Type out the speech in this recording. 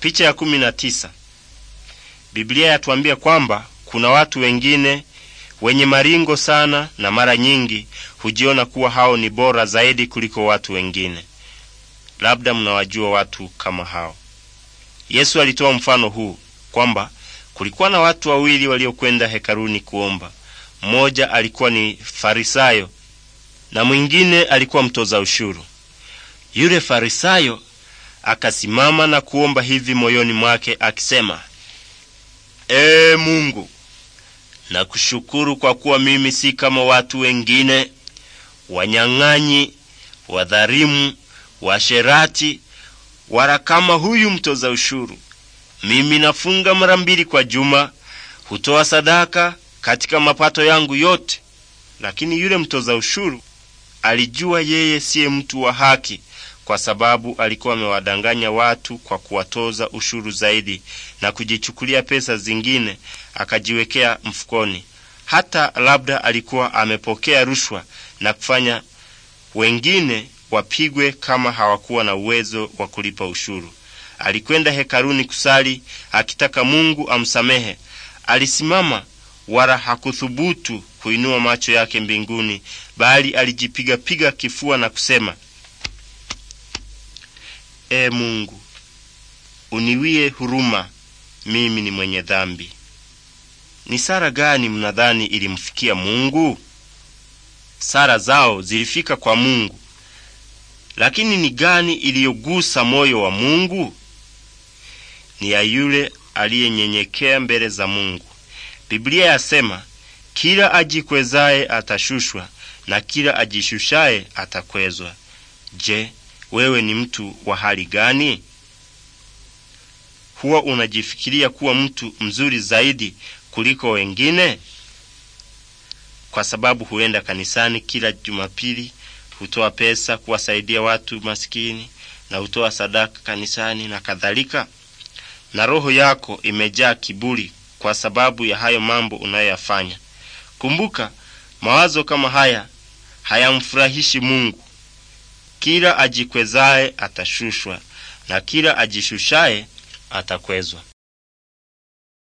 Picha ya kumi na tisa. Biblia yatuambia kwamba kuna watu wengine wenye maringo sana na mara nyingi hujiona kuwa hao ni bora zaidi kuliko watu wengine. Labda mnawajua watu kama hao. Yesu alitoa mfano huu kwamba kulikuwa na watu wawili waliokwenda hekaruni kuomba. Mmoja alikuwa ni Farisayo na mwingine alikuwa mtoza ushuru. Yule Farisayo akasimama na kuomba hivi moyoni mwake akisema, Ee Mungu, nakushukuru kwa kuwa mimi si kama watu wengine, wanyang'anyi, wadharimu washerati, wala kama huyu mtoza ushuru. Mimi nafunga mara mbili kwa juma, hutoa sadaka katika mapato yangu yote. Lakini yule mtoza ushuru alijua yeye siye mtu wa haki, kwa sababu alikuwa amewadanganya watu kwa kuwatoza ushuru zaidi na kujichukulia pesa zingine akajiwekea mfukoni. Hata labda alikuwa amepokea rushwa na kufanya wengine wapigwe kama hawakuwa na uwezo wa kulipa ushuru. Alikwenda hekaruni kusali akitaka Mungu amsamehe. Alisimama wala hakuthubutu kuinua macho yake mbinguni, bali alijipigapiga kifua na kusema E Mungu, uniwie huruma, mimi ni mwenye dhambi. Ni sara gani mnadhani ilimfikia Mungu? Sara zao zilifika kwa Mungu, lakini ni gani iliyogusa moyo wa Mungu? Ni ya yule aliyenyenyekea mbele za Mungu. Biblia yasema kila ajikwezaye atashushwa na kila ajishushaye atakwezwa. Je, wewe ni mtu wa hali gani? Huwa unajifikiria kuwa mtu mzuri zaidi kuliko wengine? Kwa sababu huenda kanisani kila Jumapili, hutoa pesa kuwasaidia watu masikini na hutoa sadaka kanisani na kadhalika, na roho yako imejaa kiburi kwa sababu ya hayo mambo unayoyafanya. Kumbuka, mawazo kama haya hayamfurahishi Mungu. Kila ajikwezaye atashushwa, na kila ajishushaye atakwezwa.